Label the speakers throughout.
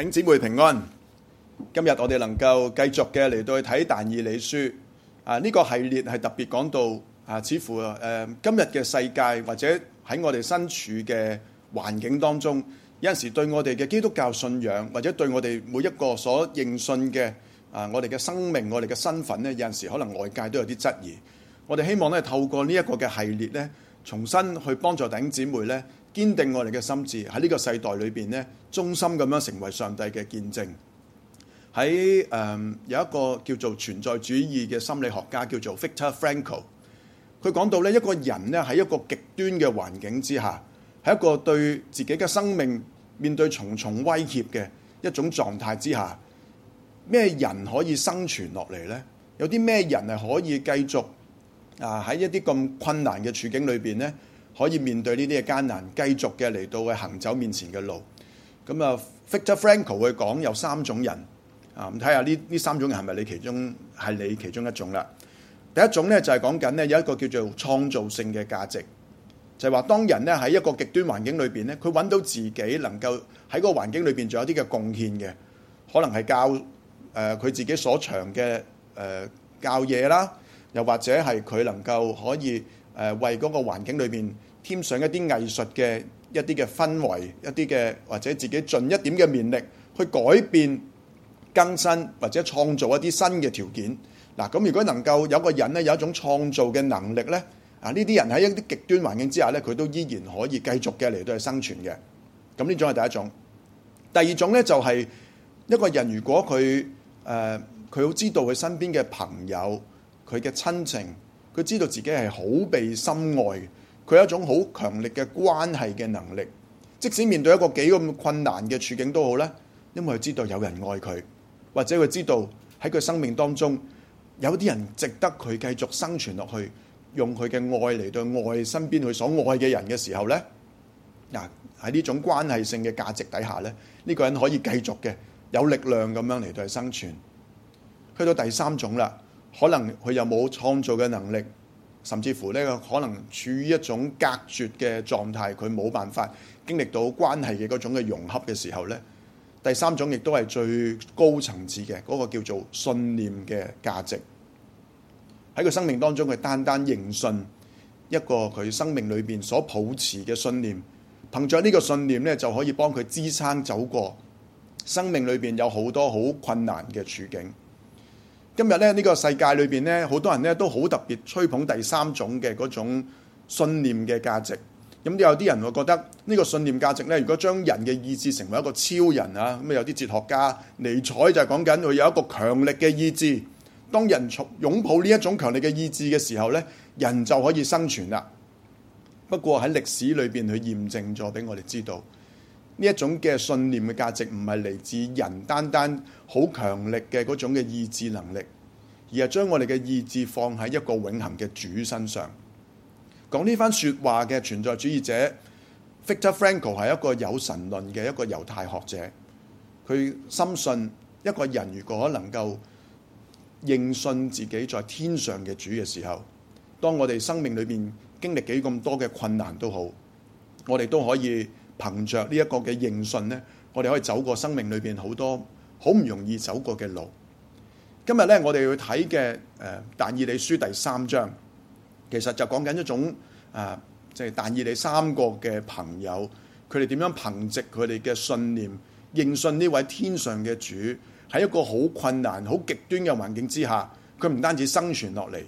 Speaker 1: 弟兄姐妹平安，今日我哋能夠繼續嘅嚟到去睇但以理書啊，呢、這個系列係特別講到啊，似乎誒、呃、今日嘅世界或者喺我哋身處嘅環境當中，有陣時對我哋嘅基督教信仰或者對我哋每一個所認信嘅啊，我哋嘅生命、我哋嘅身份咧，有陣時可能外界都有啲質疑。我哋希望咧透過呢一個嘅系列咧，重新去幫助弟兄姐妹咧。堅定我哋嘅心智喺呢個世代裏邊咧，忠心咁樣成為上帝嘅見證。喺誒、嗯、有一個叫做存在主義嘅心理學家叫做 Victor Frankl 佢講到咧，一個人咧喺一個極端嘅環境之下，喺一個對自己嘅生命面對重重威脅嘅一種狀態之下，咩人可以生存落嚟呢？有啲咩人係可以繼續啊喺一啲咁困難嘅處境裏邊呢？」可以面對呢啲嘅艱難，繼續嘅嚟到去行走面前嘅路。咁啊，Victor Frankl 會講有三種人啊，咁睇下呢呢三種人係咪你其中係你其中一種啦。第一種咧就係講緊咧有一個叫做創造性嘅價值，就係話當人咧喺一個極端環境裏邊咧，佢揾到自己能夠喺個環境裏邊做一啲嘅貢獻嘅，可能係教誒佢自己所長嘅誒教嘢啦，又或者係佢能夠可以誒為嗰個環境裏邊。添上一啲藝術嘅一啲嘅氛圍，一啲嘅或者自己盡一點嘅勉力去改變、更新或者創造一啲新嘅條件。嗱，咁如果能夠有個人咧有一種創造嘅能力咧，啊呢啲人喺一啲極端環境之下咧，佢都依然可以繼續嘅嚟到去生存嘅。咁呢種係第一種。第二種咧就係一個人如果佢誒佢好知道佢身邊嘅朋友佢嘅親情，佢知道自己係好被深愛。佢有一種好強力嘅關係嘅能力，即使面對一個幾咁困難嘅處境都好咧，因為佢知道有人愛佢，或者佢知道喺佢生命當中有啲人值得佢繼續生存落去，用佢嘅愛嚟到愛身邊佢所愛嘅人嘅時候咧，嗱喺呢種關係性嘅價值底下咧，呢、這個人可以繼續嘅有力量咁樣嚟到去生存。去到第三種啦，可能佢又冇創造嘅能力。甚至乎呢個，可能處於一種隔絕嘅狀態，佢冇辦法經歷到關係嘅嗰種嘅融合嘅時候呢，第三種亦都係最高層次嘅，嗰個叫做信念嘅價值。喺佢生命當中，佢單單認信一個佢生命裏邊所抱持嘅信念，憑着呢個信念呢，就可以幫佢支撐走過生命裏邊有好多好困難嘅處境。今日咧呢、呢個世界裏面咧，好多人咧都好特別吹捧第三種嘅嗰種信念嘅價值。咁、嗯、有啲人會覺得呢、呢個信念價值咧，如果將人嘅意志成為一個超人啊，咁、嗯、有啲哲學家尼采就講講緊佢有一個強力嘅意志。當人擁擁抱呢一種強力嘅意志嘅時候咧，人就可以生存啦。不過喺歷史裏面，去驗證咗俾我哋知道。呢一種嘅信念嘅價值唔係嚟自人，單單好強力嘅嗰種嘅意志能力，而係將我哋嘅意志放喺一個永恆嘅主身上。講呢番説話嘅存在主義者 Victor Frankl 係一個有神論嘅一個猶太學者，佢深信一個人如果能夠認信自己在天上嘅主嘅時候，當我哋生命裏面經歷幾咁多嘅困難都好，我哋都可以。憑着呢一個嘅認信咧，我哋可以走過生命裏邊好多好唔容易走過嘅路。今日咧，我哋要睇嘅誒《但以理書》第三章，其實就講緊一種啊，即、呃、係、就是、但以理三個嘅朋友，佢哋點樣憑藉佢哋嘅信念認信呢位天上嘅主，喺一個好困難、好極端嘅環境之下，佢唔單止生存落嚟，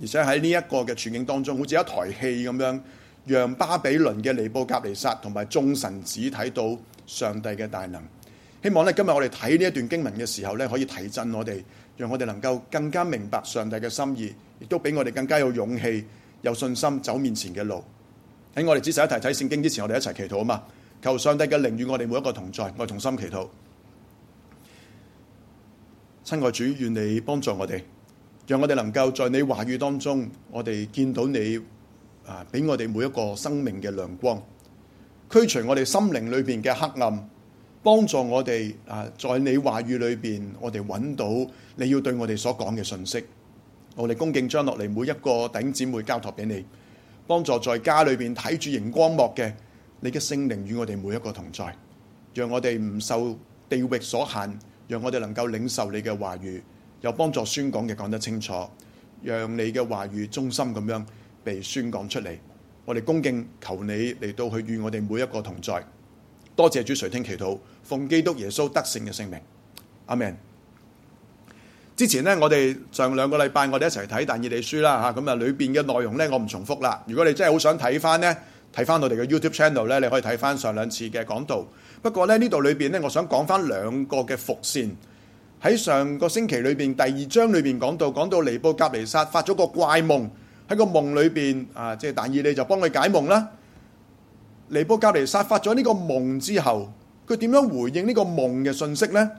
Speaker 1: 而且喺呢一個嘅情景當中，好似一台戲咁樣。讓巴比倫嘅尼布甲尼撒同埋眾神子睇到上帝嘅大能，希望咧今日我哋睇呢一段經文嘅時候咧，可以提振我哋，讓我哋能夠更加明白上帝嘅心意，亦都俾我哋更加有勇氣、有信心走面前嘅路。喺我哋仔細一睇《聖經》之前，我哋一齊祈禱啊嘛！求上帝嘅靈與我哋每一個同在，我同心祈禱。親愛主，願你幫助我哋，讓我哋能夠在你話語當中，我哋見到你。啊！俾我哋每一個生命嘅亮光，驅除我哋心靈裏邊嘅黑暗，幫助我哋啊，在你話語裏邊，我哋揾到你要對我哋所講嘅信息。我哋恭敬將落嚟每一個弟兄姊妹交託俾你，幫助在家裏邊睇住熒光幕嘅你嘅聖靈與我哋每一個同在，讓我哋唔受地域所限，讓我哋能夠領受你嘅話語，又幫助宣講嘅講得清楚，讓你嘅話語中心咁樣被宣講出嚟，我哋恭敬求你嚟到去與我哋每一個同在，多謝主垂聽祈禱，奉基督耶穌得勝嘅聖名，阿門。之前呢，我哋上兩個禮拜我哋一齊睇但以理書啦，吓，咁啊，裏邊嘅內容呢，我唔重複啦。如果你真係好想睇翻呢，睇翻我哋嘅 YouTube Channel 呢，你可以睇翻上兩次嘅講道。不過呢，呢度裏邊呢，我想講翻兩個嘅伏線。喺上個星期裏邊第二章裏邊講到，講到尼布甲尼撒發咗個怪夢。喺個夢裏邊啊，即、就、係、是、但以理就幫佢解夢啦。尼布甲尼撒發咗呢個夢之後，佢點樣回應呢個夢嘅信息呢？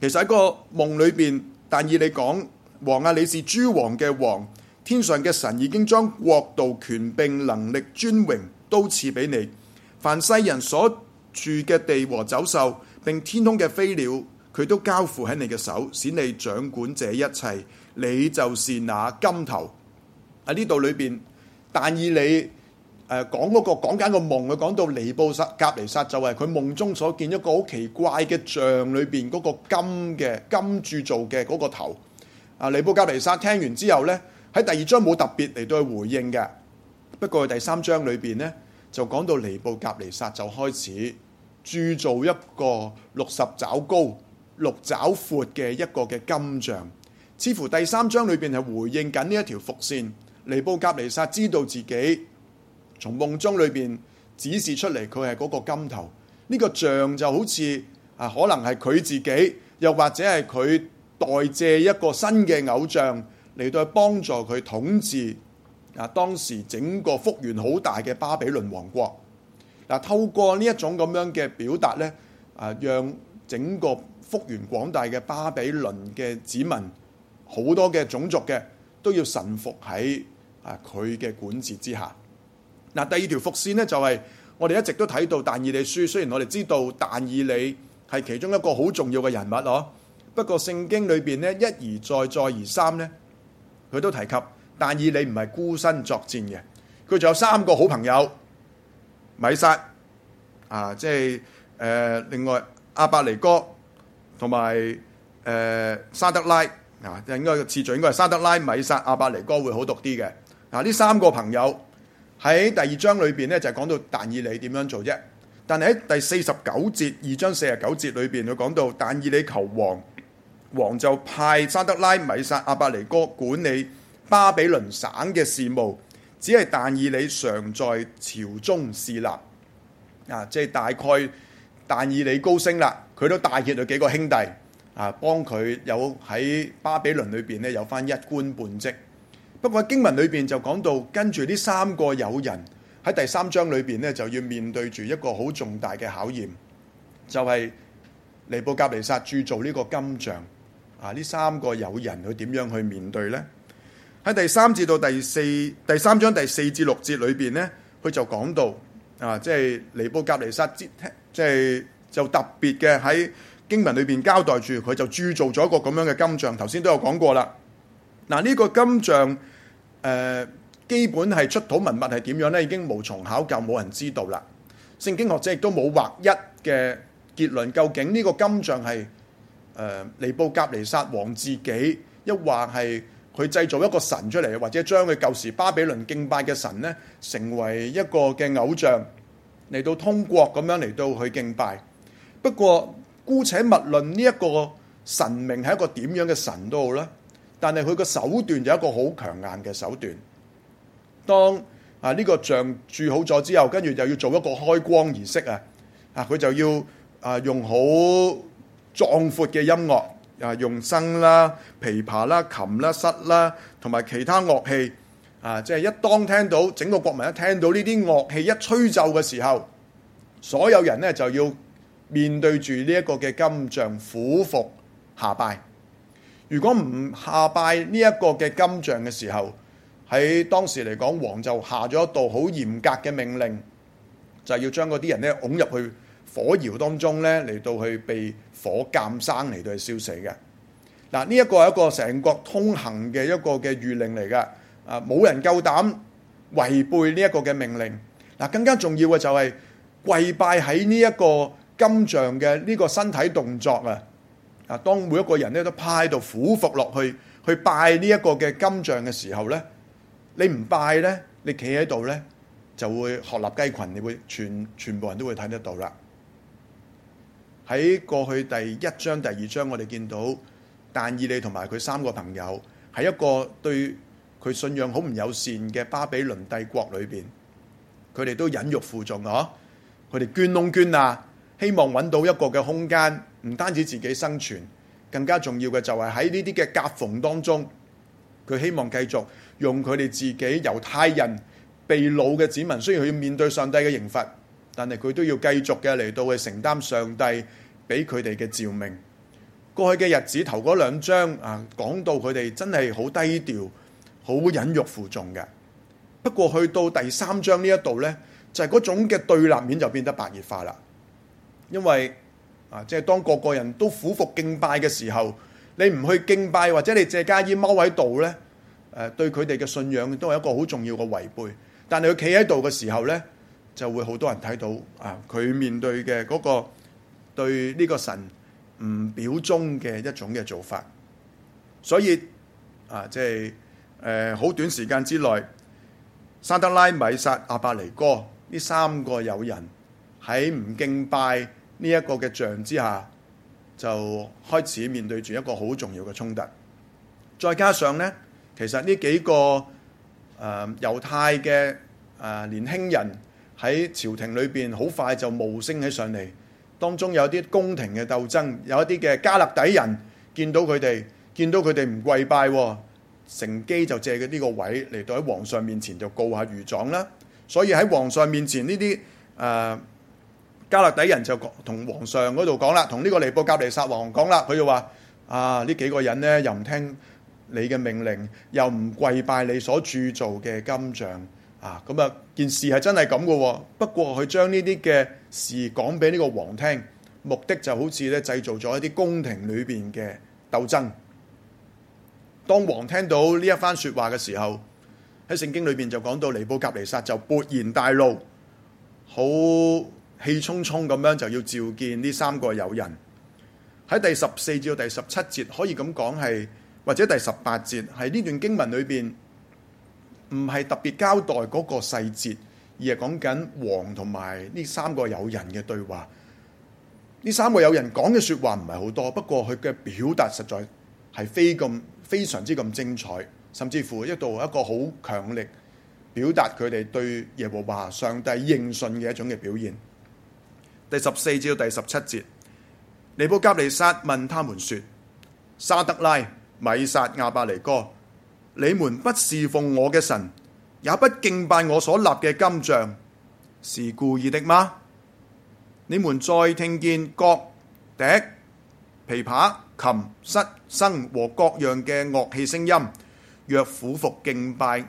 Speaker 1: 其實喺個夢裏邊，但以理講，王啊，你是諸王嘅王，天上嘅神已經將國度、權柄、能力、尊榮都賜俾你。凡世人所住嘅地和走獸，並天空嘅飛鳥，佢都交付喺你嘅手，使你掌管這一切。你就是那金頭。喺呢度裏邊，但以理誒講，嗰個講緊個夢，佢講到尼布甲尼撒就係佢夢中所見一個好奇怪嘅像裏邊嗰個金嘅金鑄造嘅嗰個頭。啊，尼布甲尼撒聽完之後呢，喺第二章冇特別嚟對佢回應嘅，不過第三章裏邊呢，就講到尼布甲尼撒就開始鑄造一個六十肘高、六肘闊嘅一個嘅金像，似乎第三章裏邊係回應緊呢一條伏線。尼布甲尼撒知道自己從夢中裏邊指示出嚟，佢係嗰個金頭，呢、呢個像就好似啊，可能係佢自己，又或者係佢代借一個新嘅偶像嚟到去幫助佢統治啊當時整個復原好大嘅巴比倫王國。嗱、啊，透過呢呢呢一種咁樣嘅表達呢啊，讓整個復原廣大嘅巴比倫嘅子民好多嘅種族嘅都要臣服喺啊！佢嘅管治之下，嗱、第二條伏線呢，就係我哋一直都睇到但以理書。雖然我哋知道但以理係其中一個好重要嘅人物咯，不過聖經裏邊呢，一而再再而三呢，佢都提及但以理唔係孤身作戰嘅，佢仲有三個好朋友米撒啊，即係誒，另外阿伯尼哥同埋誒沙德拉啊，應該次序應該係沙德拉、米撒、阿伯尼哥會好讀啲嘅。嗱，呢三個朋友喺第二章裏邊咧就講到但以理點樣做啫，但係喺第四十九節二章四十九節裏邊佢講到但以理求王，王就派沙得拉、米沙、阿伯尼哥管理巴比倫省嘅事務，只係但以理常在朝中侍立，啊，即係大概但以理高升啦，佢都帶挈咗幾個兄弟啊，幫佢有喺巴比倫裏邊咧有返一官半職。不過經文裏邊就講到，跟住呢三個友人喺第三章裏邊呢，就要面對住一個好重大嘅考驗，就係、係、尼布甲尼撒鑄造呢個金像。啊，呢三個友人佢點樣去面對呢？喺第三至到第四第三章第四至六節裏邊呢，佢就講到啊，即、就、係、係、尼布甲尼撒即即係就特別嘅喺經文裏邊交代住，佢就鑄造咗一個咁樣嘅金像。頭先都有講過啦。嗱、啊，呢、呢個金像。誒，基本係出土文物係點樣呢？已經無從考究，冇人知道啦。聖經學者亦都冇劃一嘅結論，究竟呢個金像係誒、呃、尼布甲尼撒王自己，亦或係佢製造一個神出嚟，或者將佢舊時巴比倫敬拜嘅神呢，成為一個嘅偶像嚟到通國咁樣嚟到去敬拜。不過姑且勿論呢一個神明係一個點樣嘅神都好啦。但係佢個手段就係一個好強硬嘅手段。當啊呢個像住好咗之後，跟住又要做一個開光儀式啊！啊，佢就要啊用好壯闊嘅音樂啊，用笙啦、琵琶啦、琴啦、瑟啦，同埋其他樂器啊。即係一當聽到整個國民一聽到呢啲樂器一吹奏嘅時候，所有人咧就要面對住呢一個嘅金像俯伏下拜。如果唔下拜呢一個嘅金像嘅時候，喺當時嚟講，王就下咗一道好嚴格嘅命令，就係、是、要將嗰啲人咧拱入去火窯當中咧，嚟到去被火鑒生嚟到去燒死嘅。嗱，呢一個係一個成國通行嘅一個嘅諭令嚟㗎，啊，冇人夠膽違背呢一個嘅命令。嗱，更加重要嘅就係、是、跪拜喺呢一個金像嘅呢個身體動作啊。啊！當每一個人咧都趴喺度俯伏落去去拜呢一個嘅金像嘅時候咧，你唔拜咧，你企喺度咧就會鶴立雞群，你會全全部人都會睇得到啦。喺過去第一章、第二章，我哋見到但以理同埋佢三個朋友喺一個對佢信仰好唔友善嘅巴比倫帝國裏邊，佢哋都忍辱負重嗬，佢、哦、哋捐窿捐罅，希望揾到一個嘅空間。唔單止自己生存，更加重要嘅就係喺呢啲嘅夾縫當中，佢希望繼續用佢哋自己猶太人被擄嘅子民，雖然佢要面對上帝嘅刑罰，但係佢都要繼續嘅嚟到去承擔上帝俾佢哋嘅召命。過去嘅日子頭嗰兩章啊，講到佢哋真係好低調、好忍辱負重嘅。不過去到第三章呢一度呢就係、是、嗰種嘅對立面就變得白熱化啦，因為。啊！即係當個個人都俯伏敬拜嘅時候，你唔去敬拜，或者你借家爾踎喺度咧，誒、啊，對佢哋嘅信仰都係一個好重要嘅違背。但係佢企喺度嘅時候咧，就會好多人睇到啊！佢面對嘅嗰、那個對呢個神唔表忠嘅一種嘅做法。所以啊，即係誒，好、呃、短時間之內，沙得拉、米煞、阿伯尼哥呢三個友人喺唔敬拜。呢、這、一個嘅象之下，就開始面對住一個好重要嘅衝突。再加上呢，其實呢幾個誒猶、呃、太嘅誒、呃、年輕人喺朝廷裏邊，好快就冒升起上嚟。當中有啲宮廷嘅鬥爭，有一啲嘅加勒底人見到佢哋，見到佢哋唔跪拜，啊，乘機就借佢呢個位嚟到喺皇上面前就告下御狀啦。所以喺皇上面前呢啲誒。迦勒底人就講同皇上嗰度講啦，同呢個尼布甲尼撒王講啦，佢就話：啊，呢幾個人呢又唔聽你嘅命令，又唔跪拜你所鑄造嘅金像啊！咁啊，件事係真係咁喎。不過佢將呢啲嘅事講俾呢個王聽，目的就好似咧製造咗一啲宮廷裏邊嘅鬥爭。當王聽到呢一番說話嘅時候，喺聖經裏邊就講到尼布甲尼撒就勃然大怒，好。氣沖沖咁樣就要召見呢三個友人。喺第十四至到第十七節，可以咁講係，或者第十八節。喺呢段經文裏邊，唔係特別交代嗰個細節，而係講緊王同埋呢三個友人嘅對話。呢三個友人講嘅說的話唔係好多，不過佢嘅表達實在係非咁非常之咁精彩，甚至乎一度一個好強力表達佢哋對耶和華上帝認識嘅一種嘅表現。第十四至到第十七節，尼布甲尼撒問他們說：沙得拉、米沙、亞伯尼哥，你們不侍奉我嘅神，也不敬拜我所立嘅金像，是故意的嗎？你們再聽見角笛、琵琶、琴、瑟、笙和各樣嘅樂器聲音，若俯伏敬拜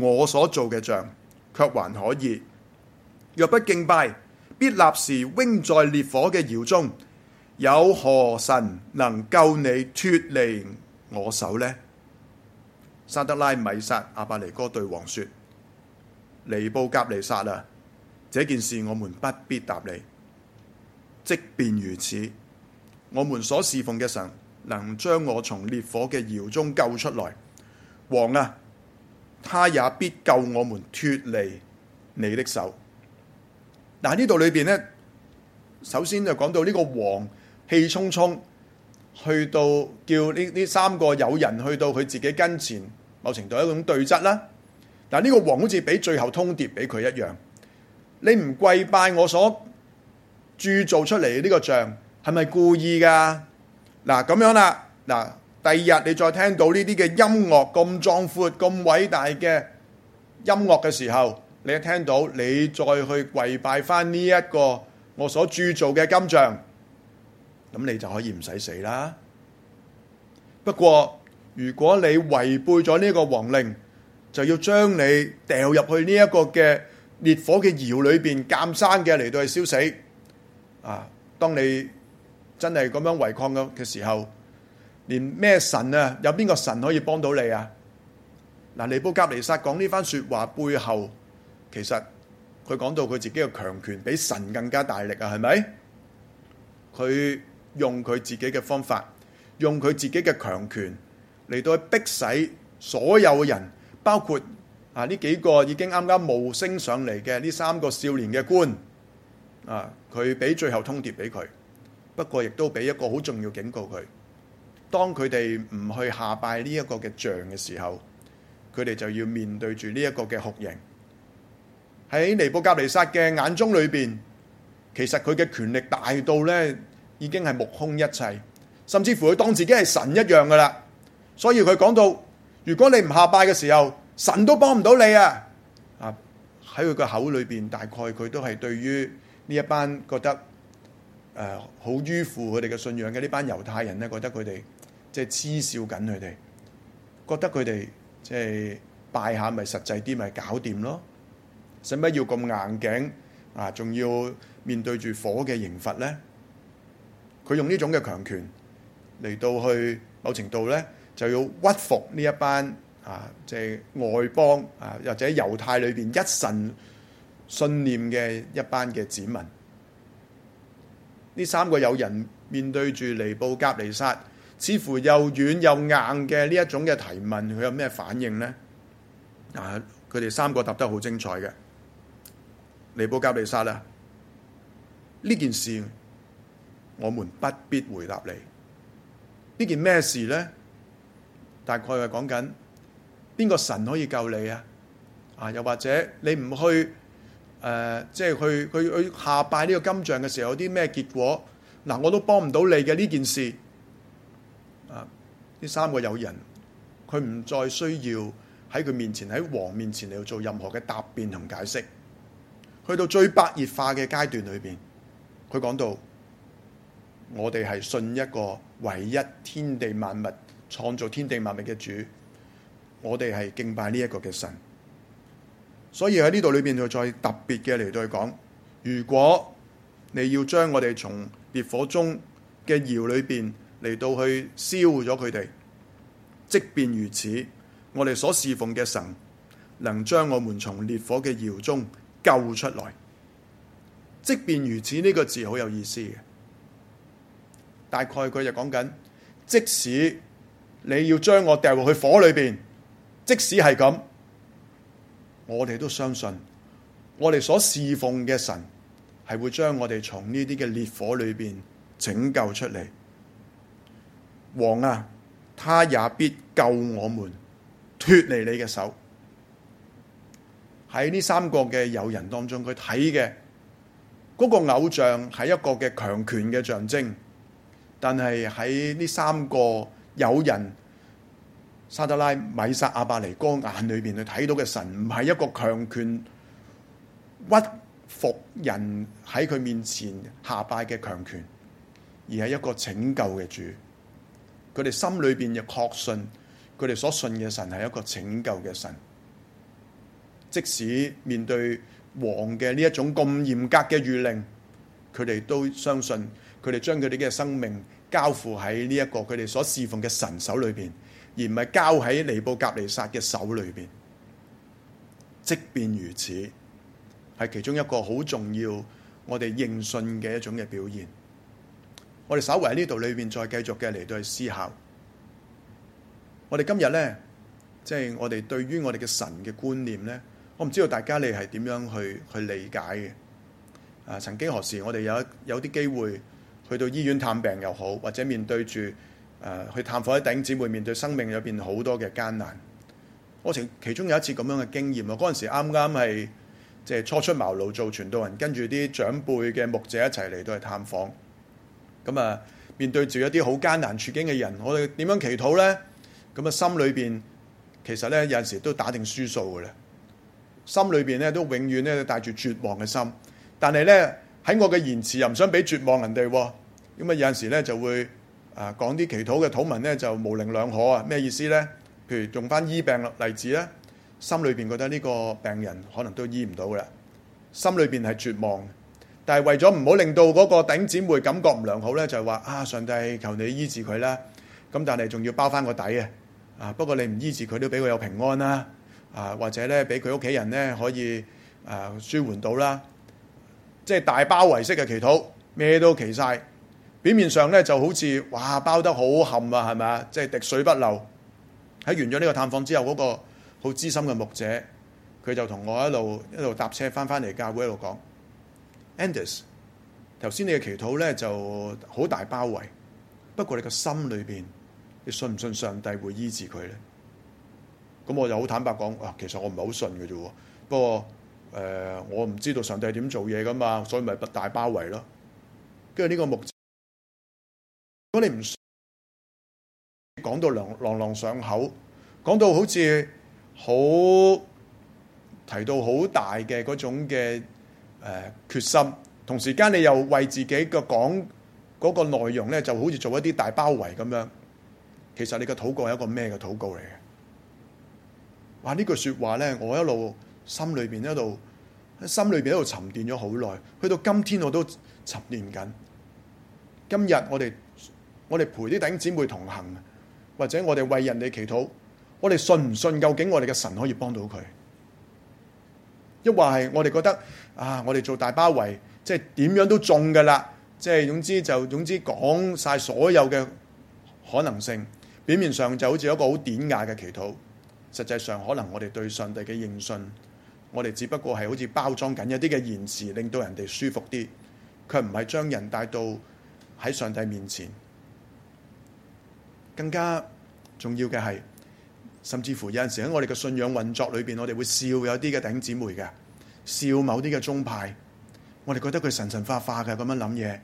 Speaker 1: 我所做嘅像，卻還可以；若不敬拜，必立時扔在烈火嘅窯中，有何神能救你脱離我手呢？沙德拉、米煞、阿伯尼哥對王說：尼布甲尼撒啊，這件事我們不必答你。即便如此，我們所侍奉嘅神能將我從烈火嘅窯中救出來，王啊，他也必救我們脱離你的手。嗱呢度裏邊咧，首先就講到呢個王氣沖沖去到叫呢呢三個友人去到佢自己跟前，某程度有一種對質啦。但呢個王好似俾最後通牒俾佢一樣，你唔跪拜我所鑄造出嚟呢個像，係咪故意噶？嗱、啊、咁樣啦，嗱、啊、第二日你再聽到呢啲嘅音樂咁壯闊、咁偉大嘅音樂嘅時候。你一聽到，你再去跪拜翻呢一個我所鑄造嘅金像，咁你就可以唔使死啦。不過如果你違背咗呢個王令，就要將你掉入去呢一個嘅烈火嘅窑裏邊，監生嘅嚟到去燒死。啊，當你真係咁樣違抗嘅嘅時候，連咩神啊，有邊個神可以幫到你啊？嗱，尼布甲尼撒講呢番說話背後。其實佢講到佢自己嘅強權比神更加大力啊，係咪？佢用佢自己嘅方法，用佢自己嘅強權嚟到逼使所有人，包括啊呢幾個已經啱啱冒升上嚟嘅呢三個少年嘅官啊，佢俾最後通牒俾佢，不過亦都俾一個好重要警告佢，當佢哋唔去下拜呢一個嘅像嘅時候，佢哋就要面對住呢一個嘅酷刑。喺尼布甲尼撒嘅眼中裏邊，其實佢嘅權力大到呢已經係目空一切，甚至乎佢當自己係神一樣噶啦。所以佢講到，如果你唔下拜嘅時候，神都幫唔到你啊！喺佢嘅口裏邊，大概佢都係對於呢一班覺得好，呃、迂腐，佢哋嘅信仰嘅呢班猶太人呢，覺得佢哋即係嗤笑緊佢哋，覺得佢哋即係拜下咪實際啲咪搞掂咯。使乜要咁硬頸啊？仲要面對住火嘅刑罰咧？佢用呢種嘅強權嚟到去某程度咧，就要屈服呢一班啊，即係外邦啊，或者猶太裏邊一神信念嘅一班嘅子民。呢三個友人面對住尼布甲尼撒，似乎又軟又硬嘅呢一種嘅提問，佢有咩反應咧？啊！佢哋三個答得好精彩嘅。尼布甲尼撒啦，呢件事我們不必回答你。這件事呢件咩事咧？大概係講緊邊個神可以救你啊？啊，又或者你唔去，誒、呃，即係去去去下拜呢個金像嘅時候，有啲咩結果？嗱、啊，我都幫唔到你嘅呢件事。啊，呢三個友人，佢唔再需要喺佢面前喺王面前嚟到做任何嘅答辯同解釋。去到最白熱化嘅階段裏邊，佢講到我哋係信一個唯一天地萬物創造天地萬物嘅主，我哋係敬拜呢一個嘅神。所以喺呢度裏邊就再特別嘅嚟到去講，如果你要將我哋從烈火中嘅窑裏邊嚟到去燒咗佢哋，即便如此，我哋所侍奉嘅神能將我們從烈火嘅窑中救出來，即便如此，呢個字好有意思嘅，大概佢就講緊，即使你要將我掉落去火裏邊，即使係咁，我哋都相信，我哋所侍奉嘅神係會將我哋從呢啲嘅烈火裏邊拯救出嚟。王啊，他也必救我們脫離你嘅手。喺呢三個嘅友人當中，佢睇嘅嗰個偶像係一個嘅強權嘅象徵，但係喺呢三個友人沙德拉、米薩、米沙、阿伯尼哥眼裏邊，佢睇到嘅神唔係一個強權屈服人喺佢面前下拜嘅強權，而係一個拯救嘅主。佢哋心裏邊亦確信，佢哋所信嘅神係一個拯救嘅神。即使面對王嘅呢一種咁嚴格嘅御令，佢哋都相信佢哋將佢哋嘅生命交付喺呢一個佢哋所侍奉嘅神手裏邊，而唔係交喺尼布甲尼撒嘅手裏邊。即便如此，係其中一個好重要我哋認信嘅一種嘅表現。我哋稍為喺呢度裏邊再繼續嘅嚟到去思考。我哋今日咧，即係我哋對於我哋嘅神嘅觀念咧。我唔知道大家你係點樣去去理解嘅。啊，曾幾何時，我哋有有啲機會去到醫院探病又好，或者面對住誒、啊、去探訪啲弟兄姊妹，面對生命入邊好多嘅艱難。我其中有一次咁樣嘅經驗，我嗰陣時啱啱係即係初出茅廬做傳道人，跟住啲長輩嘅牧者一齊嚟到去探訪。咁啊，面對住一啲好艱難處境嘅人，我哋點樣祈禱呢？咁啊，心裏邊其實呢，有陣時都打定輸數嘅啦。心裏邊咧都永遠咧帶住絕望嘅心，但係咧喺我嘅言辭又唔想俾絕望人哋。咁啊，有陣時咧就會啊講啲祈禱嘅禱文咧就模棱兩可啊，咩意思咧？譬如用翻醫病例子咧，心裏邊覺得呢個病人可能都醫唔到啦，心裏邊係絕望，但係為咗唔好令到嗰個頂姊妹感覺唔良好咧，就係話啊，上帝求你醫治佢啦，咁但係仲要包翻個底啊，啊不過你唔醫治佢都俾佢有平安啦。啊，或者咧，俾佢屋企人咧可以啊舒緩到啦，即係大包圍式嘅祈禱，咩都祈晒，表面上咧就好似哇包得好冚啊，係咪啊？即係滴水不漏。喺完咗呢個探訪之後，嗰個好資深嘅牧者，佢就同我一路一路搭車翻翻嚟教會一路講，Anders，頭先你嘅祈禱咧就好大包圍，不過你個心裏邊，你信唔信上帝會醫治佢咧？咁我就好坦白講，啊，其實我唔係好信嘅啫。不過，誒、呃，我唔知道上帝係點做嘢噶嘛，所以咪不大包圍咯。跟住呢個目的，如果你唔講到朗朗朗上口，講到好似好提到好大嘅嗰種嘅誒、呃、決心，同時間你又為自己嘅講嗰、那個內容咧，就好似做一啲大包圍咁樣。其實你嘅禱告係一個咩嘅禱告嚟嘅？哇！呢句說話咧，我一路心裏邊喺度，心裏邊喺度沉澱咗好耐，去到今天我都沉澱緊。今日我哋我哋陪啲弟兄姊妹同行，或者我哋為人哋祈禱，我哋信唔信？究竟我哋嘅神可以幫到佢？抑或係我哋覺得啊，我哋做大包圍，即係點樣都中噶啦！即係總之就總之講晒所有嘅可能性，表面上就好似一個好典雅嘅祈禱。實際上，可能我哋對上帝嘅認信，我哋只不過係好似包裝緊一啲嘅言辭，令到人哋舒服啲，卻唔係將人帶到喺上帝面前。更加重要嘅係，甚至乎有陣時喺我哋嘅信仰運作裏邊，我哋會笑有啲嘅弟兄姊妹嘅，笑某啲嘅宗派，我哋覺得佢神神化化嘅咁樣諗嘢，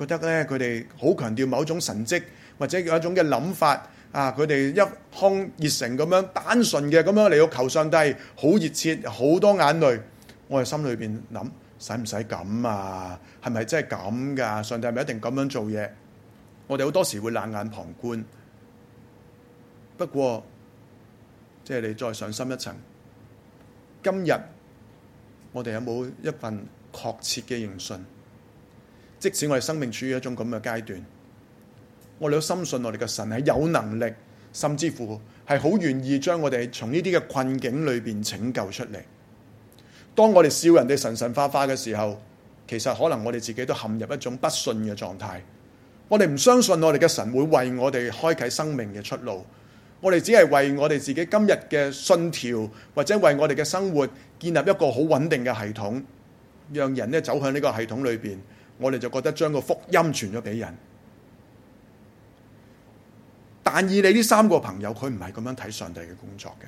Speaker 1: 覺得呢佢哋好強調某種神蹟，或者有一種嘅諗法。啊！佢哋一腔熱誠咁樣單純嘅咁樣嚟到求上帝，好熱切，好多眼淚。我哋心裏面諗，使唔使咁啊？係咪真係咁噶？上帝係咪一定咁樣做嘢？我哋好多時會冷眼旁觀。不過，即係你再上深一層，今日我哋有冇一份確切嘅認信？即使我哋生命處於一種咁嘅階段。我哋都深信我哋嘅神係有能力，甚至乎係好願意將我哋從呢啲嘅困境裏邊拯救出嚟。當我哋笑人哋神神化化嘅時候，其實可能我哋自己都陷入一種不信嘅狀態。我哋唔相信我哋嘅神會為我哋開啟生命嘅出路，我哋只係為我哋自己今日嘅信條，或者為我哋嘅生活建立一個好穩定嘅系統，讓人咧走向呢個系統裏邊，我哋就覺得將個福音傳咗俾人。但以理呢三個朋友，佢唔係咁樣睇上帝嘅工作嘅。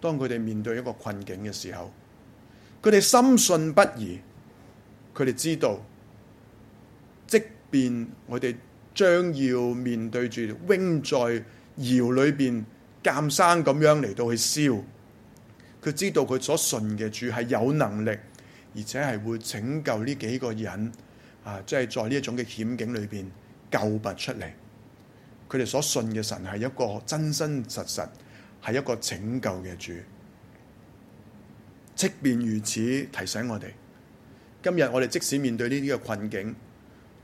Speaker 1: 當佢哋面對一個困境嘅時候，佢哋深信不疑。佢哋知道，即便我哋將要面對住扔在窯裏邊、鑊生咁樣嚟到去燒，佢知道佢所信嘅主係有能力，而且係會拯救呢幾個人啊！即係在呢一種嘅險境裏邊救拔出嚟。佢哋所信嘅神係一個真真實實係一個拯救嘅主，即便如此，提醒我哋，今日我哋即使面對呢啲嘅困境，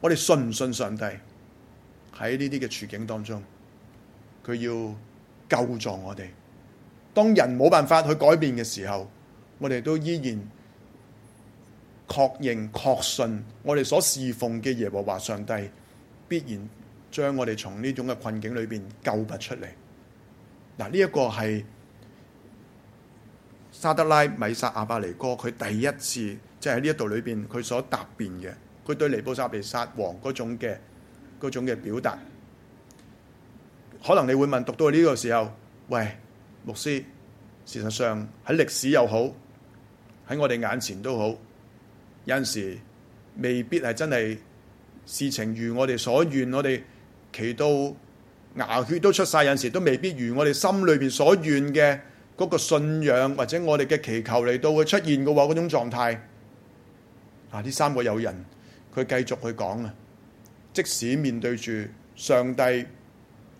Speaker 1: 我哋信唔信上帝？喺呢啲嘅處境當中，佢要救助我哋。當人冇辦法去改變嘅時候，我哋都依然確認確信，我哋所侍奉嘅耶和華上帝必然。將我哋從呢種嘅困境裏邊救拔出嚟。嗱，呢一個係沙得拉、米煞、亞伯尼歌，佢第一次即係喺呢一度裏邊佢所答辯嘅，佢對尼布甲尼撒王嗰種嘅嗰種嘅表達，可能你會問，讀到呢個時候，喂，牧師，事實上喺歷史又好，喺我哋眼前都好，有陣時未必係真係事情如我哋所願，我哋。祈到牙血都出晒，有時都未必如我哋心裏邊所願嘅嗰個信仰，或者我哋嘅祈求嚟到會出現嘅話，嗰種狀態。啊！呢三個友人，佢繼續去講啊。即使面對住上帝，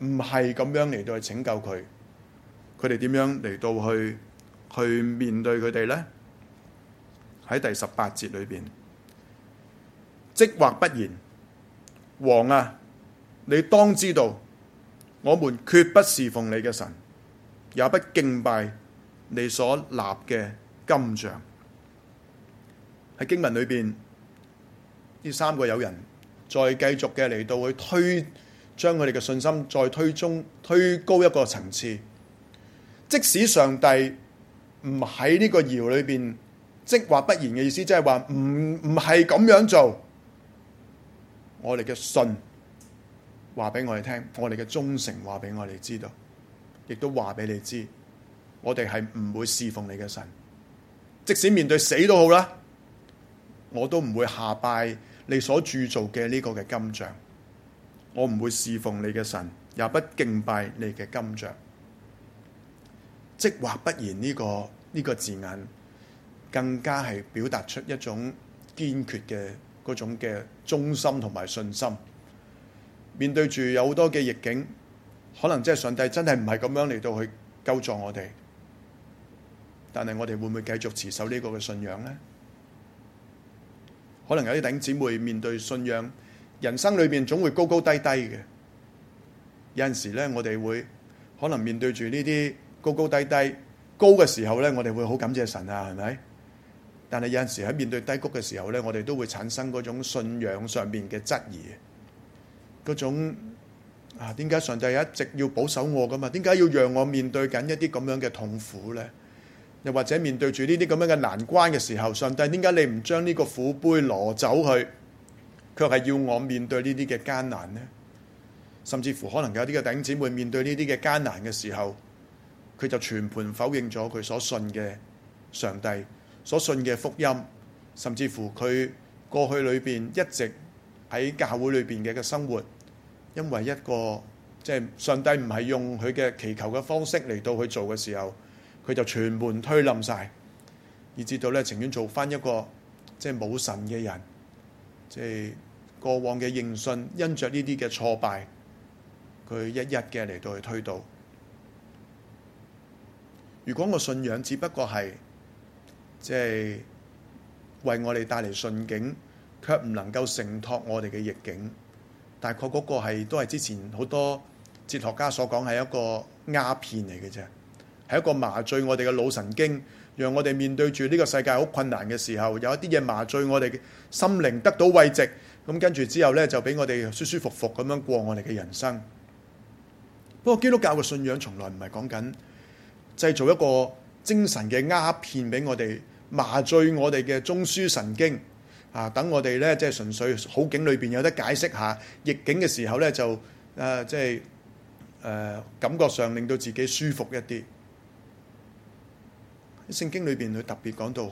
Speaker 1: 唔係咁樣嚟到去拯救佢，佢哋點樣嚟到去去面對佢哋咧？喺第十八節裏邊，即或不然，王啊！你當知道，我們決不侍奉你嘅神，也不敬拜你所立嘅金像。喺經文裏邊，呢三個友人再繼續嘅嚟到去推，將佢哋嘅信心再推中推高一個層次。即使上帝唔喺呢個窑裏邊，即或不然嘅意思，即係話唔唔係咁樣做，我哋嘅信。話俾我哋聽，我哋嘅忠誠話俾我哋知道，亦都話俾你知，我哋係唔會侍奉你嘅神，即使面對死都好啦，我都唔會下拜你所鑄造嘅呢個嘅金像，我唔會侍奉你嘅神，也不敬拜你嘅金像。即或不然呢個呢個字眼，更加係表達出一種堅決嘅嗰種嘅忠心同埋信心。面對住有好多嘅逆境，嗰種啊，點解上帝一直要保守我噶嘛？點解要讓我面對緊一啲咁樣嘅痛苦呢？又或者面對住呢啲咁樣嘅難關嘅時候，上帝點解你唔將呢個苦杯挪走去，卻係要我面對呢啲嘅艱難呢？甚至乎可能有啲嘅弟兄姊妹面對呢啲嘅艱難嘅時候，佢就全盤否認咗佢所信嘅上帝、所信嘅福音，甚至乎佢過去裏邊一直喺教會裏邊嘅嘅生活。因為一個即係、就是、上帝唔係用佢嘅祈求嘅方式嚟到去做嘅時候，佢就全門推冧晒，以至到咧情願做翻一個即係冇神嘅人，即、就、係、是、過往嘅認信因着呢啲嘅挫敗，佢一一嘅嚟到去推倒。如果我信仰只不過係即係為我哋帶嚟順境，卻唔能夠承托我哋嘅逆境。大概嗰個係都係之前好多哲學家所講係一個鴉片嚟嘅啫，係一個麻醉我哋嘅腦神經，讓我哋面對住呢個世界好困難嘅時候，有一啲嘢麻醉我哋嘅心靈，得到慰藉。咁跟住之後呢，就俾我哋舒舒服服咁樣過我哋嘅人生。不過基督教嘅信仰從來唔係講緊製造一個精神嘅鴉片俾我哋麻醉我哋嘅中樞神經。啊！等我哋咧，即係純粹好景裏邊有得解釋下，逆境嘅時候咧就、啊、即係誒、啊，感覺上令到自己舒服一啲。聖經裏邊佢特別講到，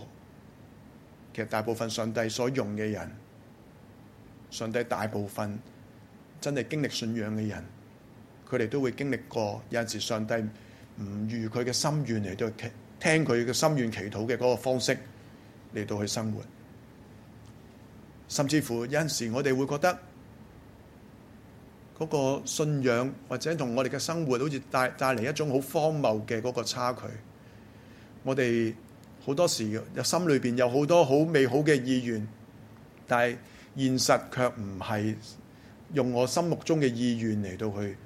Speaker 1: 其實大部分上帝所用嘅人，上帝大部分真係經歷信仰嘅人，佢哋都會經歷過。有陣時上帝唔如佢嘅心願嚟到聽佢嘅心願祈禱嘅嗰個方式嚟到去生活。甚至乎有陣時，我哋會覺得嗰個信仰或者同我哋嘅生活好，好似帶帶嚟一種好荒謬嘅嗰個差距。我哋好多時有心裏邊有好多好美好嘅意願，但係現實卻唔係用我心目中嘅意願嚟到去，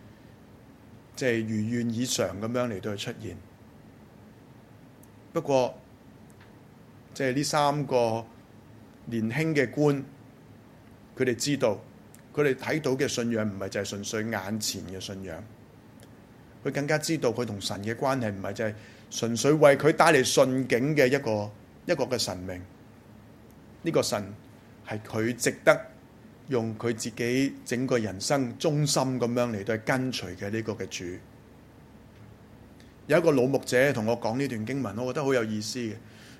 Speaker 1: 即係如願以償咁樣嚟到去出現。不過，即係呢三個。年輕嘅官，佢哋知道，佢哋睇到嘅信仰唔係就係純粹眼前嘅信仰，佢更加知道佢同神嘅關係唔係就係純粹為佢帶嚟順境嘅一個一個嘅神明。呢、這個神係佢值得用佢自己整個人生忠心咁樣嚟到去跟隨嘅呢、這個嘅主。有一個老牧者同我講呢段經文，我覺得好有意思嘅。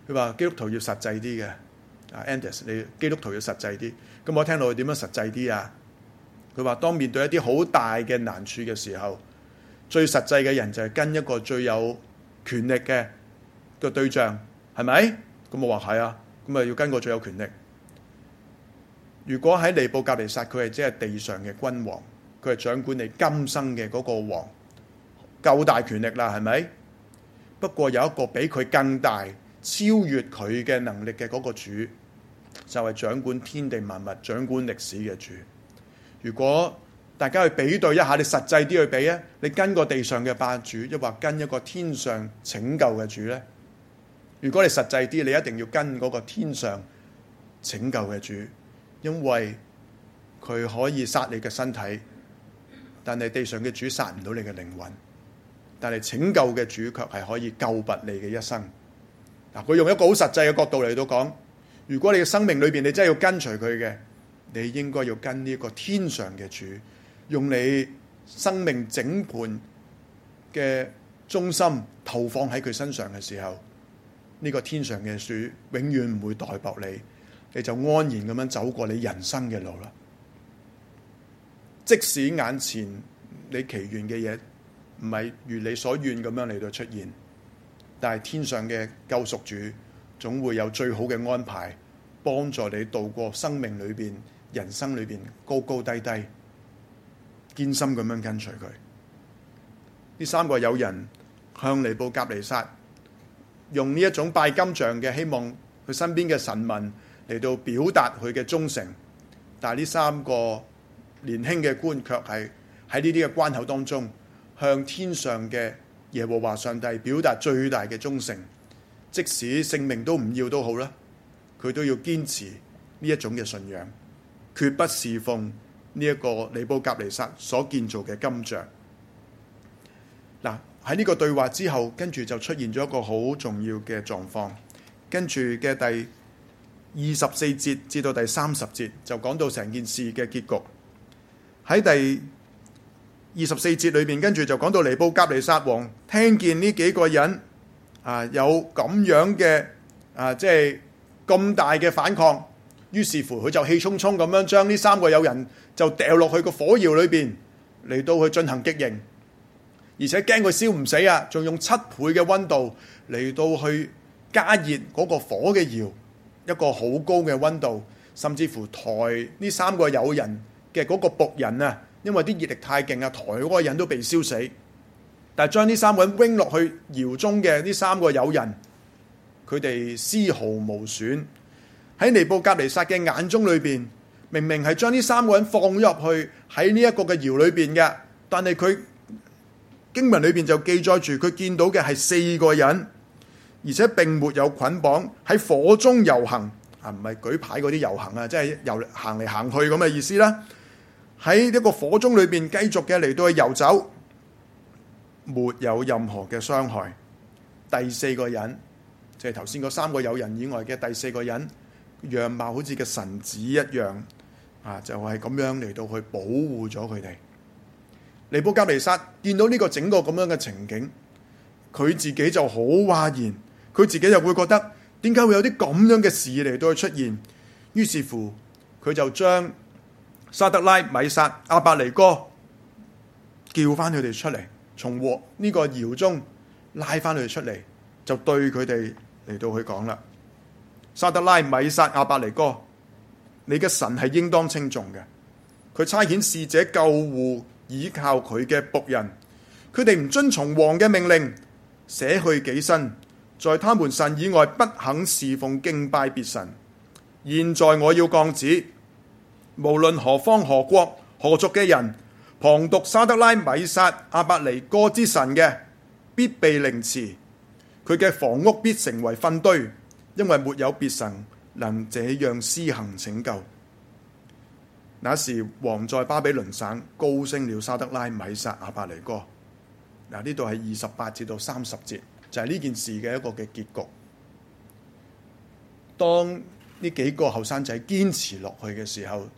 Speaker 1: 佢話基督徒要實際啲嘅。啊，安德斯，你基督徒要實際啲。咁我聽到佢點樣實際啲啊？佢話當面對一啲好大嘅難處嘅時候，最實際嘅人就係跟一個最有權力嘅個對象，係咪？咁我話係啊，咁啊要跟個最有權力。如果喺尼布甲尼撒，佢係即係地上嘅君王，佢係掌管你今生嘅嗰個王，夠大權力啦，係咪？不過有一個比佢更大、超越佢嘅能力嘅嗰個主。就係掌管天地萬物、掌管歷史嘅主。如果大家去比對一下，你實際啲去比吖，你跟個地上嘅霸主，又或跟一個天上拯救嘅主呢？如果你實際啲，你一定要跟嗰個天上拯救嘅主，因為佢可以殺你嘅身體，但係地上嘅主殺唔到你嘅靈魂，但係拯救嘅主卻係可以救拔你嘅一生。嗱，佢用一個好實際嘅角度嚟到講。如果你嘅生命裏邊，你真係要跟隨佢嘅，你應該要跟呢個天上嘅主，用你生命整盤嘅中心投放喺佢身上嘅時候，呢個天上嘅主永遠唔會待薄你，你就安然咁樣走過你人生嘅路啦。即使眼前你祈願嘅嘢唔係如你所願咁樣嚟到出現，但係天上嘅救贖主。總會有最好嘅安排幫助你渡過生命裏面、人生裏面高高低低，堅心咁樣跟隨佢。呢三個友人向尼布甲尼撒用呢一種拜金像嘅希望，佢身邊嘅臣民嚟到表達佢嘅忠誠，但呢三個年輕嘅官卻係喺呢啲嘅關口當中向天上嘅耶和華上帝表達最大嘅忠誠。即使性命都唔要都好啦，佢都要堅持呢一種嘅信仰，決不侍奉呢一個尼布甲尼撒所建造嘅金像。嗱，喺呢個對話之後，跟住就出現咗一個好重要嘅狀況。跟住嘅第二十四節至到第三十節就講到成件事嘅結局。喺第二十四節裏邊，跟住就講到尼布甲尼撒王聽見呢幾個人。啊！有咁樣嘅啊，即係咁大嘅反抗，於是乎佢就氣沖沖咁樣將呢三個友人就掉落去個火窯裏面，嚟到去進行極刑，而且驚佢燒唔死啊，仲用七倍嘅温度嚟到去加熱嗰個火嘅窯，一個好高嘅温度，甚至乎抬呢三個友人嘅嗰個僕人啊，因為啲熱力太勁啊，抬嗰個人都被燒死。但係將呢三個人扔落去窑中嘅呢三個友人，佢哋絲毫無損。喺尼布甲尼撒嘅眼中裏邊，明明係將呢三個人放咗入去喺呢一個嘅窑裏邊嘅，但係佢經文裏邊就記載住佢見到嘅係四個人，而且並沒有捆綁，喺火中遊行啊，唔係舉牌嗰啲遊行啊，即係遊行嚟行去咁嘅意思啦。喺一個火中裏邊繼續嘅嚟到去遊走。沒有任何嘅傷害。第四個人，即係頭先嗰三個友人以外嘅第四個人，樣貌好似個神子一樣啊，就係咁樣嚟到去保護咗佢哋。尼布甲尼撒見到呢個整個咁樣嘅情景，佢自己就好嘩然，佢自己就會覺得點解會有啲咁樣嘅事嚟到去出現？於是乎佢就將沙得拉、米煞、亞伯尼歌叫翻佢哋出嚟。從火呢個窯中拉翻佢出嚟，就對佢哋嚟到去講啦。沙得拉、米煞、亞伯尼歌，你嘅神係應當稱頌嘅。佢差遣使者救護倚靠佢嘅僕人，佢哋唔遵從王嘅命令，捨去己身，在他們神以外不肯侍奉敬拜別神。現在我要降旨，無論何方何國何族嘅人，謗讟沙得拉、米沙、阿伯尼哥之神嘅，必被凌遲；佢嘅房屋必成為糞堆，因為沒有別神能這樣施行拯救。那時王在巴比倫省高升了沙得拉、米沙、阿伯尼哥。嗱、啊，呢度係二十八至到三十節，就係、是、呢件事嘅一個嘅結局。當呢幾個後生仔堅持落去嘅時候，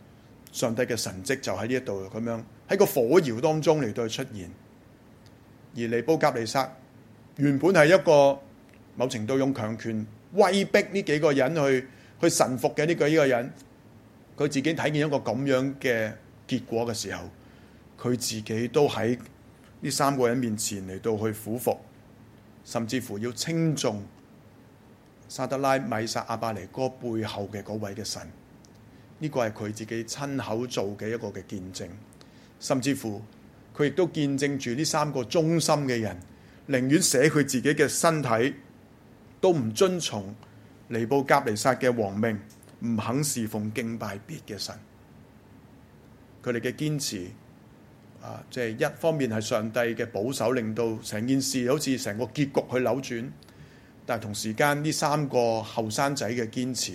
Speaker 1: 上帝嘅神蹟就喺呢一度咁樣喺個火窯當中嚟到出現，而尼布甲尼撒原本係一個某程度用強權威逼呢幾個人去去臣服嘅呢個呢個人，佢自己睇見一個咁樣嘅結果嘅時候，佢自己都喺呢三個人面前嚟到去俯服，甚至乎要稱頌沙得拉、米煞、亞伯尼歌背後嘅嗰位嘅神，呢、這個係佢自己親口做嘅一個嘅見證。甚至乎，佢亦都見證住呢三個忠心嘅人，寧願捨佢自己嘅身體，都唔遵從尼布甲尼撒嘅王命，唔肯侍奉敬拜別嘅神。佢哋嘅堅持，即係一方面係上帝嘅保守，令到成件事好似成個結局去扭轉。但同時間呢三個後生仔嘅堅持，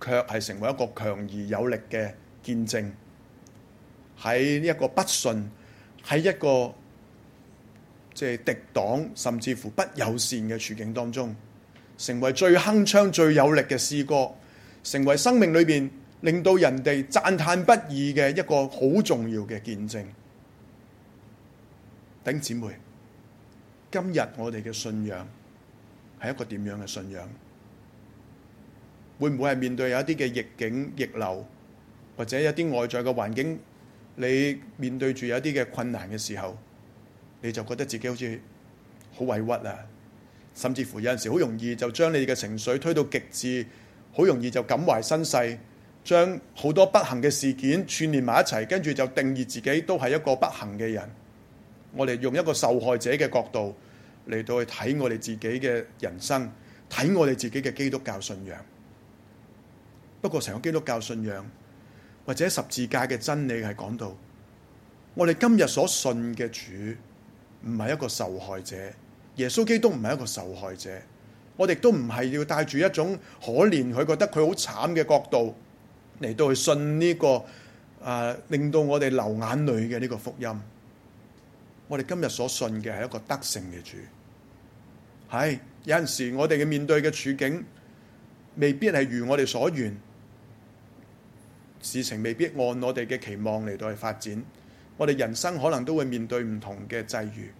Speaker 1: 卻係成為一個強而有力嘅見證。喺呢一個不信，喺一個即係敵擋，甚至乎不友善嘅處境當中，成為最鏗鏘、最有力嘅詩歌，成為生命裡面令到人哋讚嘆不已嘅一個好重要嘅見證。頂姊妹，今日我哋嘅信仰係一個點樣嘅信仰？會唔會係面對有一啲嘅逆境、逆流，或者一啲外在嘅環境？你面對住有一啲嘅困難嘅時候，你就覺得自己好似好委屈啊！甚至乎有陣時好容易就將你嘅情緒推到極致，好容易就感懷身世，將好多不幸嘅事件串聯埋一齊，跟住就定義自己都係一個不幸嘅人。我哋用一個受害者嘅角度嚟到去睇我哋自己嘅人生，睇我哋自己嘅基督教信仰。不過，成個基督教信仰。或者十字架嘅真理係講到，我哋今日所信嘅主唔係一個受害者，耶穌基督唔係一個受害者，我哋都唔係要帶住一種可憐佢覺得佢好慘嘅角度嚟到去信呢、這個誒、啊、令到我哋流眼淚嘅呢個福音。我哋今日所信嘅係一個得勝嘅主，哎。係有陣時我哋嘅面對嘅處境未必係如我哋所願。事情未必按我哋嘅期望嚟到去發展，我哋人生可能都會面對唔同嘅際遇。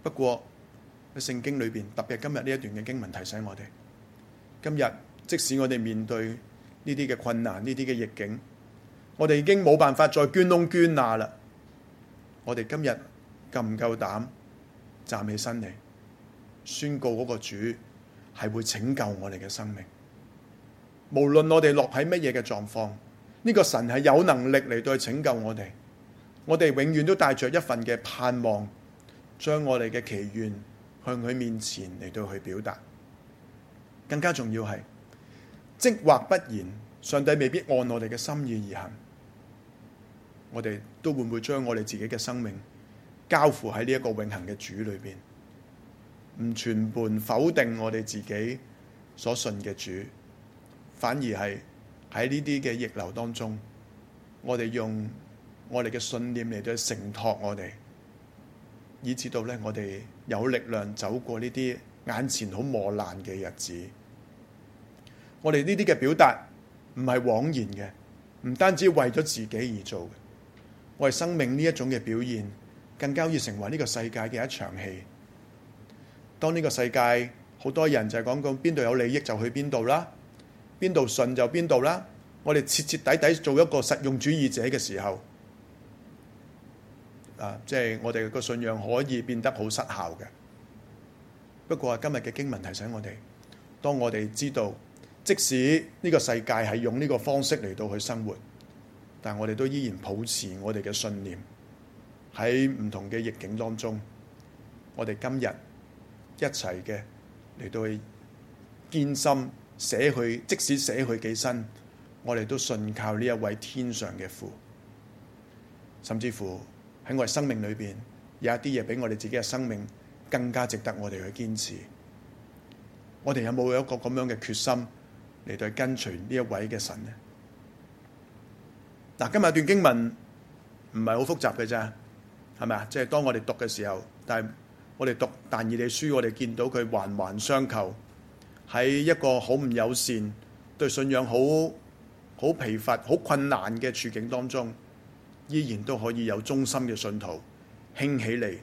Speaker 1: 不過喺聖經裏邊特別今日呢一段嘅經文提醒我哋：今日即使我哋面對呢啲嘅困難，呢啲嘅逆境，我哋已經冇辦法再捐窿捐罅啦。我哋今日夠唔夠膽站起身嚟，宣告嗰個主係會拯救我哋嘅生命？無論我哋落喺乜嘢嘅狀況，呢、這個神係有能力嚟到拯救我哋。我哋永遠都帶着一份嘅盼望，將我哋嘅祈願向佢面前嚟到去表達。更加重要係，即或不然，上帝未必按我哋嘅心意而行。我哋都會唔會將我哋自己嘅生命交付喺呢一個永恆嘅主裏邊？唔全盤否定我哋自己所信嘅主。反而係喺呢啲嘅逆流當中，我哋用我哋嘅信念嚟到承托我哋，以至到咧我哋有力量走過呢啲眼前好磨難嘅日子。我哋呢啲嘅表達唔係枉然嘅，唔單止為咗自己而做，我哋生命呢一種嘅表現，更加要成為呢個世界嘅一場戲。當呢個世界好多人就係講講邊度有利益就去邊度啦。邊度信就邊度啦！我哋徹徹底底做一個實用主義者嘅時候，啊，即係我哋個信仰可以變得好失效嘅。不過今日嘅經文提醒我哋，當我哋知道即使呢個世界係用呢個方式嚟到去生活，但我哋都依然抱持我哋嘅信念喺唔同嘅逆境當中。我哋今日一齊嘅嚟到去堅心。捨去，即使捨去己身，我哋都信靠呢一位天上嘅父，甚至乎喺我哋生命裏邊有一啲嘢比我哋自己嘅生命更加值得我哋去堅持。我哋有冇有一個咁樣嘅決心嚟對跟隨呢一位嘅神咧？嗱，今日段經文唔係好複雜嘅啫，係咪啊？即係當我哋讀嘅時候，但係我哋讀但以理書，我哋見到佢環環相扣。喺一個好唔友善、對信仰好好疲乏、好困難嘅處境當中，依然都可以有忠心嘅信徒興起嚟，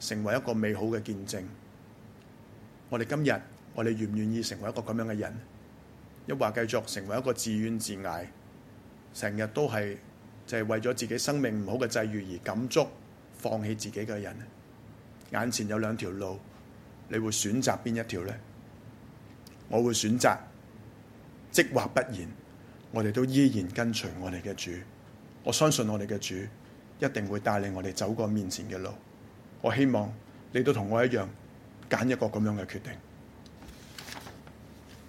Speaker 1: 成為一個美好嘅見證。我哋今日，我哋願唔願意成為一個咁樣嘅人？抑或繼續成為一個自怨自艾、成日都係就係、是、為咗自己生命唔好嘅際遇而感觸放棄自己嘅人？眼前有兩條路，你會選擇邊一條呢？我會選擇，即或不然，我哋都依然跟隨我哋嘅主。我相信我哋嘅主一定會帶領我哋走過面前嘅路。我希望你都同我一樣揀一個咁樣嘅決定。